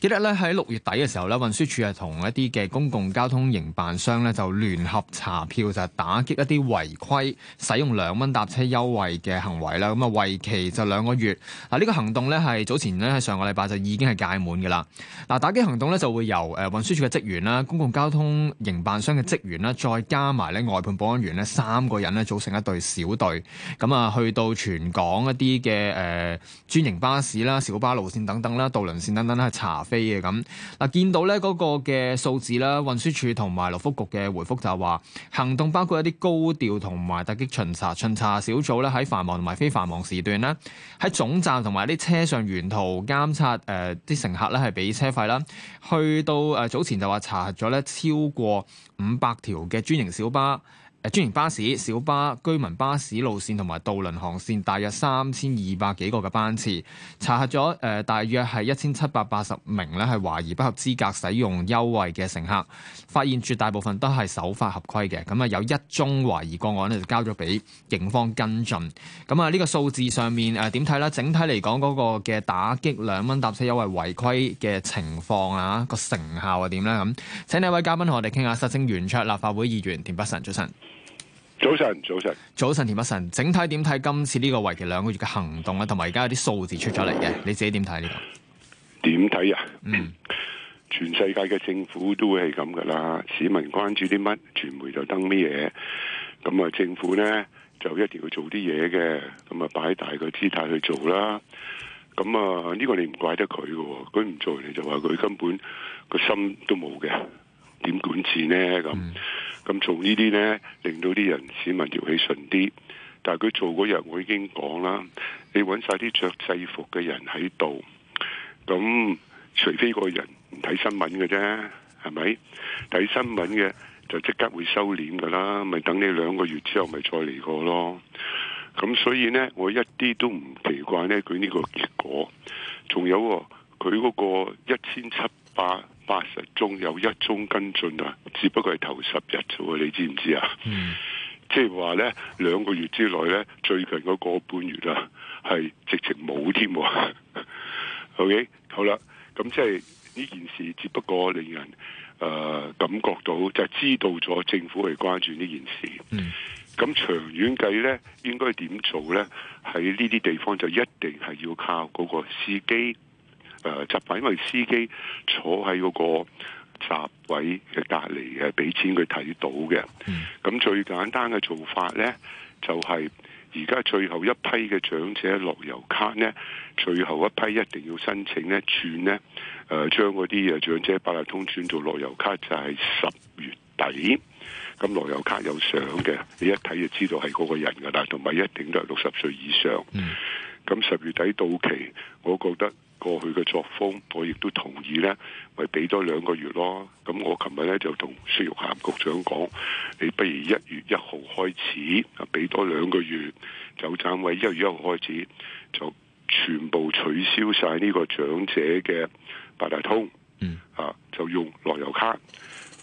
記得咧喺六月底嘅時候咧，運輸署係同一啲嘅公共交通營辦商咧就聯合查票，就係打擊一啲違規使用兩蚊搭車優惠嘅行為啦。咁啊，為期就兩個月。嗱，呢個行動咧係早前咧喺上個禮拜就已經係屆滿嘅啦。嗱，打擊行動咧就會由誒運輸署嘅職員啦、公共交通營辦商嘅職員啦，再加埋咧外判保安員呢三個人呢組成一隊小隊，咁啊去到全港一啲嘅誒專營巴士啦、小巴路線等等啦、渡輪線等等查。飛嘅咁嗱，見到咧嗰個嘅數字啦，運輸署同埋勞福局嘅回覆就係話，行動包括一啲高調同埋突擊巡查，巡查小組咧喺繁忙同埋非繁忙時段咧，喺總站同埋啲車上沿途監察啲、呃、乘客咧係俾車費啦，去到早前就話查咗咧超過五百條嘅專營小巴。誒專營巴士、小巴、居民巴士路線同埋渡輪航線大約三千二百幾個嘅班次，查核咗誒、呃、大約係一千七百八十名咧係懷疑不合資格使用優惠嘅乘客，發現絕大部分都係守法合規嘅，咁啊有一宗懷疑個案咧就交咗俾警方跟進。咁啊呢個數字上面誒點睇咧？整體嚟講嗰個嘅打擊兩蚊搭車優惠違規嘅情況啊、那個成效係點呢？咁請呢位嘉賓同我哋傾下，實政圓桌立法會議員田北辰早晨。出早晨，早晨。早晨，田北辰，整體點睇今次呢個為期兩個月嘅行動啊，同埋而家有啲數字出咗嚟嘅，你自己點睇呢度？點睇啊？嗯，全世界嘅政府都會係咁噶啦，市民關注啲乜，傳媒就登乜嘢。咁啊，政府咧就一定要做啲嘢嘅，咁啊擺大個姿態去做啦。咁啊，呢個你唔怪得佢嘅，佢唔做你就話佢根本個心都冇嘅。點管治呢？咁、嗯、咁、嗯、做呢啲呢，令到啲人市民條氣順啲。但係佢做嗰日，我已經講啦，你揾晒啲着制服嘅人喺度。咁除非個人唔睇新聞嘅啫，係咪睇新聞嘅就即刻會收斂噶啦，咪等你兩個月之後咪再嚟過咯。咁所以呢，我一啲都唔奇怪呢，佢呢個結果。仲有佢嗰個一千七百八十宗有一宗跟進啊，只不過係頭十日啫喎，你知唔知啊？嗯、mm.，即係話咧，兩個月之內咧，最近嗰個半月啦，係直情冇添喎。 o、okay? K，好啦，咁即係呢件事，只不過令人誒、呃、感覺到就係、知道咗政府係關注呢件事。嗯，咁長遠計咧，應該點做咧？喺呢啲地方就一定係要靠嗰個司機。誒集位，因為司機坐喺嗰個閘位嘅隔離嘅，俾錢佢睇到嘅。咁最簡單嘅做法呢，就係而家最後一批嘅長者樂悠卡呢，最後一批一定要申請咧轉呢，誒、呃、將嗰啲嘅長者八達通轉做樂悠卡，就係、是、十月底。咁樂悠卡有相嘅，你一睇就知道係嗰個人噶啦，同埋一定都係六十歲以上。咁十月底到期，我覺得。過去嘅作風，我亦都同意呢，咪俾多兩個月咯。咁我琴日呢，就同孫玉菡局長講，你不如一月一號開始啊，俾多兩個月，就暫委一月一號開始，就全部取消晒呢個長者嘅八達通、嗯，啊，就用樂悠咭。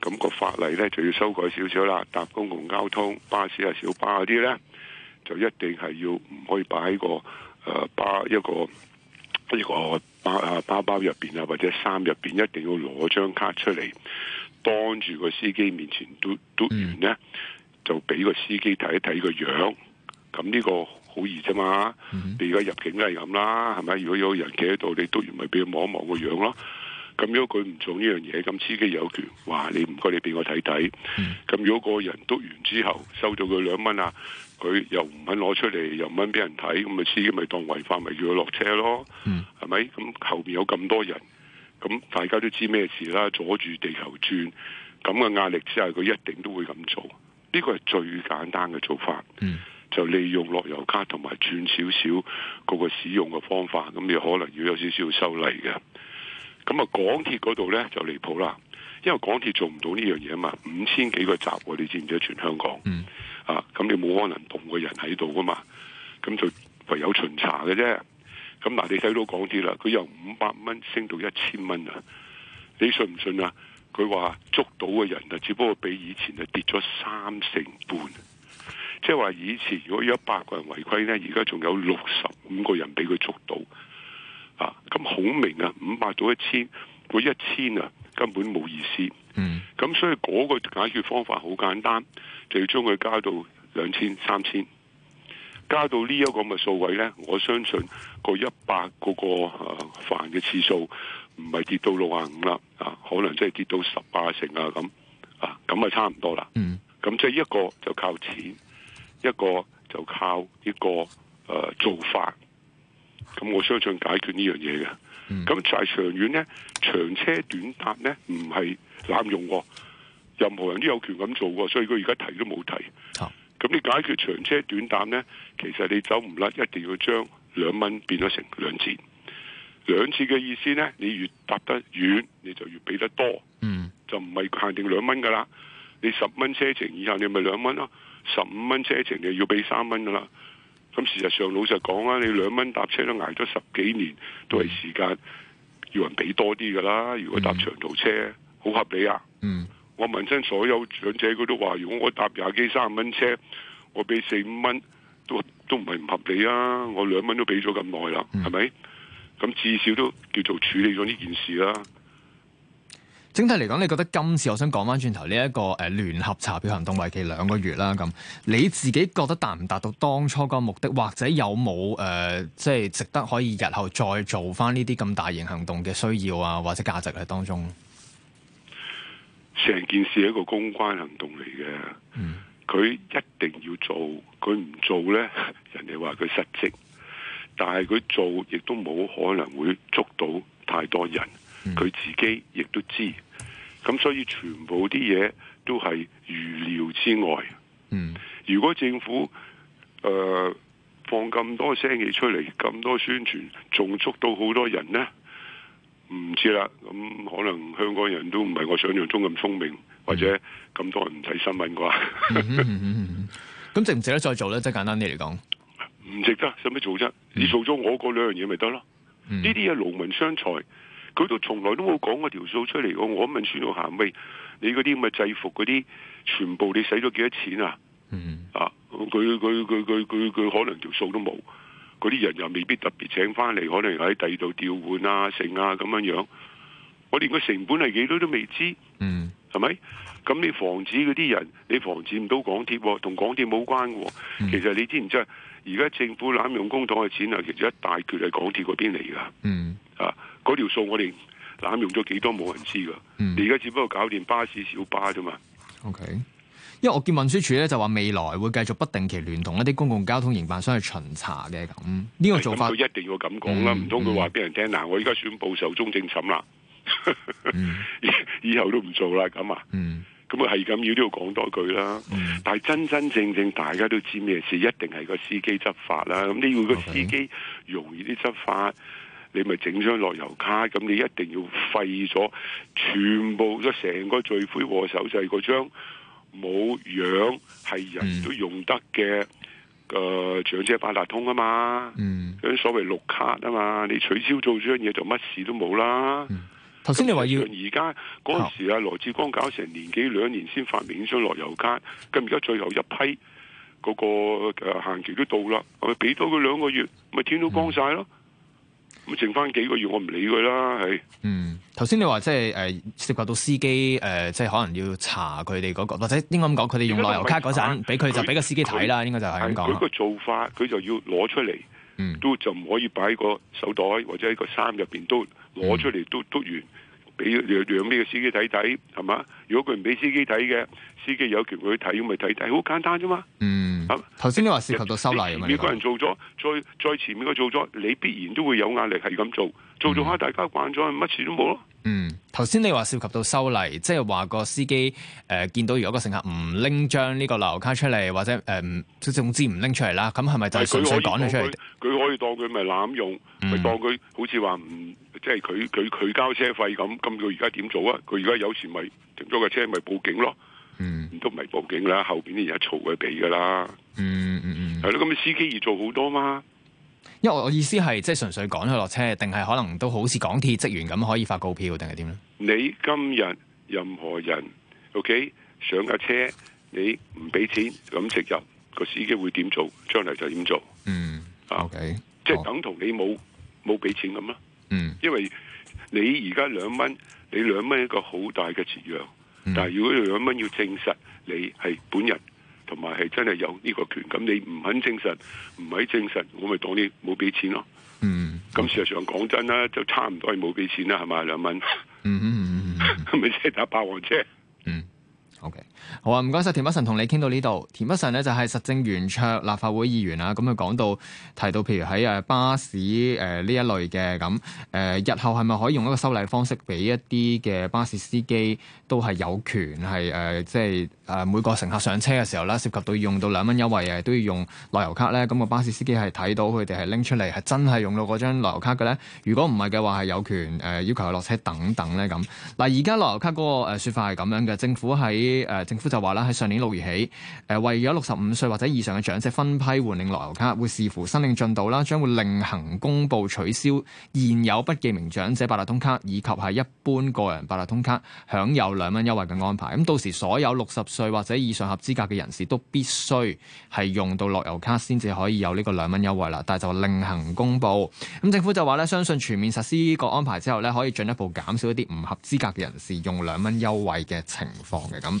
咁、那個法例呢，就要修改少少啦。搭公共交通、巴士啊、小巴嗰啲呢，就一定係要唔可以擺個巴一個。呃、一個呢個包啊，包包入邊啊，或者衫入邊，一定要攞張卡出嚟，當住個司機面前嘟，嘟完咧，就俾個司機睇一睇個樣。咁呢個好易啫嘛。你而家入境都係咁啦，係咪？如果有人企喺度，你嘟完咪俾佢望一望個樣咯。咁如果佢唔做呢樣嘢，咁司機有權話：你唔該，你俾我睇睇。咁如果個人篤完之後收咗佢兩蚊啊，佢又唔肯攞出嚟，又唔肯俾人睇，咁咪司機咪當違法，咪叫佢落車咯？係、嗯、咪？咁後面有咁多人，咁大家都知咩事啦？阻住地球轉咁嘅壓力之下，佢一定都會咁做。呢、這個係最簡單嘅做法、嗯，就利用落油卡同埋轉少少嗰個使用嘅方法，咁你可能要有少少修例嘅。咁啊，港鐵嗰度咧就離譜啦，因為港鐵做唔到呢樣嘢啊嘛，五千幾個閘，你知唔知？全香港、嗯、啊，咁你冇可能同個人喺度噶嘛，咁就唯有巡查嘅啫。咁嗱，你睇到港鐵啦，佢由五百蚊升到一千蚊啊，你信唔信啊？佢話捉到嘅人啊，只不過比以前啊跌咗三成半，即係話以前如果有一百個人違規咧，而家仲有六十五個人俾佢捉到。孔明啊，五百到一千，過一千啊，根本冇意思。咁、mm. 所以嗰個解決方法好簡單，就要將佢加到兩千、三千，加到呢一個咁嘅數位咧。我相信100個一百嗰個犯嘅、呃、次數唔係跌到六啊五啦，啊，可能即係跌到十八成啊咁啊，咁啊差唔多啦。咁即係一個就靠錢，一個就靠一個誒、呃、做法。咁我相信解決呢樣嘢嘅，咁就係長遠咧，長車短搭咧，唔係濫用，任何人都有權咁做喎，所以佢而家提都冇提。咁、啊、你解決長車短搭咧，其實你走唔甩，一定要將兩蚊變咗成兩次，兩次嘅意思咧，你越搭得遠，你就越俾得多。嗯，就唔係限定兩蚊噶啦，你十蚊車程以下，你咪兩蚊咯，十五蚊車程你就要俾三蚊噶啦。咁事實上，老實講啊，你兩蚊搭車都挨咗十幾年，都係時間要人俾多啲㗎啦。如果搭長途車，好、mm -hmm. 合理啊。嗯、mm -hmm.，我問身問親所有長者，佢都話：如果我搭廿幾、三十蚊車，我俾四五蚊都都唔係唔合理啊。我兩蚊都俾咗咁耐啦，係、mm、咪 -hmm.？咁至少都叫做處理咗呢件事啦、啊。整體嚟講，你覺得今次我想講翻轉頭呢一個誒聯合查票行動，為期兩個月啦咁，你自己覺得達唔達到當初個目的，或者有冇誒即係值得可以日後再做翻呢啲咁大型行動嘅需要啊，或者價值喺當中？成件事係一個公關行動嚟嘅，佢、嗯、一定要做，佢唔做呢，人哋話佢失職。但係佢做，亦都冇可能會捉到太多人。佢、嗯、自己亦都知，咁所以全部啲嘢都係預料之外。嗯，如果政府誒、呃、放咁多聲氣出嚟，咁多宣傳，仲捉到好多人呢？唔知啦。咁可能香港人都唔係我想象中咁聰明、嗯，或者咁多人唔睇新聞啩。咁、 嗯嗯嗯、值唔值得再做呢？即係簡單啲嚟講，唔值得，使乜做啫？你、嗯、做咗我嗰兩樣嘢，咪得咯？呢啲嘢勞民傷財。佢都從來都冇講過條數出嚟，我問孫玉菡：「喂，你嗰啲咁嘅制服嗰啲，全部你使咗幾多錢啊？嗯，啊，佢佢佢佢佢佢可能條數都冇，嗰啲人又未必特別請翻嚟，可能喺第二度調換啊、剩啊咁樣樣，我連個成本係幾多都未知。嗯，係咪？咁你防止嗰啲人，你防止唔到港鐵，同港鐵冇關嘅。其實你知唔知？而家政府濫用公帑嘅錢啊，其實一大橛係港鐵嗰邊嚟噶。嗯，啊。嗰條數我哋濫用咗幾多冇人知㗎。嗯，你而家只不過搞掂巴士、小巴啫嘛。OK，因為我見運輸署咧就話未來會繼續不定期聯同一啲公共交通營辦商去巡查，嘅咁，呢、嗯，這個做法一定要咁講啦，唔通佢話俾人聽嗱、嗯，我而家宣布受中正審啦、 嗯，以後都唔做啦咁啊，咁啊，咁、嗯、要都要講多句啦、嗯。但係真真正正大家都知咩事，一定係個司機執法啦。咁你要個司機容易啲執法。Okay. 你咪整張樂悠卡，咁你一定要廢咗全部咗成個罪魁禍首就係嗰張冇樣係人都用得嘅誒、嗯呃、長者八達通啊嘛，嗰、嗯、啲所謂綠卡啊嘛，你取消做咗嘢，就乜事都冇啦。頭、嗯、先你話要而家嗰陣時啊，羅志光搞成年幾兩年先發明張樂悠卡，咁而家最後一批嗰個限期都到啦，係咪俾多佢兩個月，咪天都光晒咯？嗯咁剩翻幾個月，我唔理佢啦，係。嗯，頭先你話即係誒涉及到司機誒、呃，即係可能要查佢哋嗰個，或者應該咁講，佢哋用樂悠卡嗰陣他，俾佢就俾個司機睇啦，應該就係咁講。佢個做法，佢就要攞出嚟，都就唔可以擺喺個手袋或者喺個衫入邊都攞出嚟、嗯、都篤完，俾讓呢個司機睇睇，係嘛？如果佢唔俾司機睇嘅。司機有權去睇，咁咪睇，睇好簡單啫嘛。嗯，頭先你話涉及到修例，如、嗯、果人做咗、嗯，再再前面個做咗，你必然都會有壓力，係咁做，做做下大家慣咗，乜事都冇咯。嗯，頭先你話涉及到修例，即係話個司機誒、呃、見到如果個乘客唔拎張呢個樂悠卡出嚟，或者誒、呃，總之唔拎出嚟啦，咁係咪就純粹趕佢出嚟？佢可，可以當佢咪濫用，咪、嗯、當佢好似話唔即係佢佢佢交車費咁，咁佢而家點做啊？佢而家有時咪停咗個車咪報警咯？嗯，都唔係報警啦，後邊啲人有嘈佢地噶啦。嗯嗯嗯，係、嗯、咯，咁司機要做好多嘛？因為我意思係，即係純粹趕佢落車，定係可能都好似港鐵職員咁，可以發告票，定係點咧？你今日任何人，OK，上架車，你唔俾錢，咁直入個司機會點做？將來就點做？嗯，OK，即係等同你冇冇俾錢咁咯。嗯，因為你而家兩蚊，你兩蚊一個好大嘅折讓。嗯、但係如果你兩蚊要證實你係本人，同埋係真係有呢個權，咁你唔肯證實，唔係證實，我咪當你冇俾錢咯。嗯，咁事實上講真啦，就差唔多係冇俾錢啦，係咪？兩蚊。嗯 嗯嗯係咪即係打霸王車。好啊，唔該晒。田北辰同你傾到呢度，田北辰呢，就係、是、實政圓桌立法會議員啊，咁佢講到提到，譬如喺誒巴士誒呢、呃、一類嘅咁誒，日後係咪可以用一個修例方式俾一啲嘅巴士司機都係有權係誒、呃，即係誒、呃、每個乘客上車嘅時候啦，涉及到用到兩蚊優惠誒，都要用內郵卡咧，咁、嗯、個巴士司機係睇到佢哋係拎出嚟係真係用到嗰張內郵卡嘅咧，如果唔係嘅話係有權誒、呃、要求佢落車等等咧咁。嗱而家內郵卡嗰個誒説法係咁樣嘅，政府喺誒。呃政府就話啦，喺上年六月起，誒為咗六十五歲或者以上嘅長者分批換領樂悠咭，會視乎申領進度啦，將會另行公布取消現有不記名長者八達通卡以及係一般個人八達通卡享有兩蚊優惠嘅安排。咁到時所有六十歲或者以上合資格嘅人士都必須係用到樂悠咭先至可以有呢個兩蚊優惠啦。但係就另行公布。咁政府就話咧，相信全面實施個安排之後咧，可以進一步減少一啲唔合資格嘅人士用兩蚊優惠嘅情況嘅咁。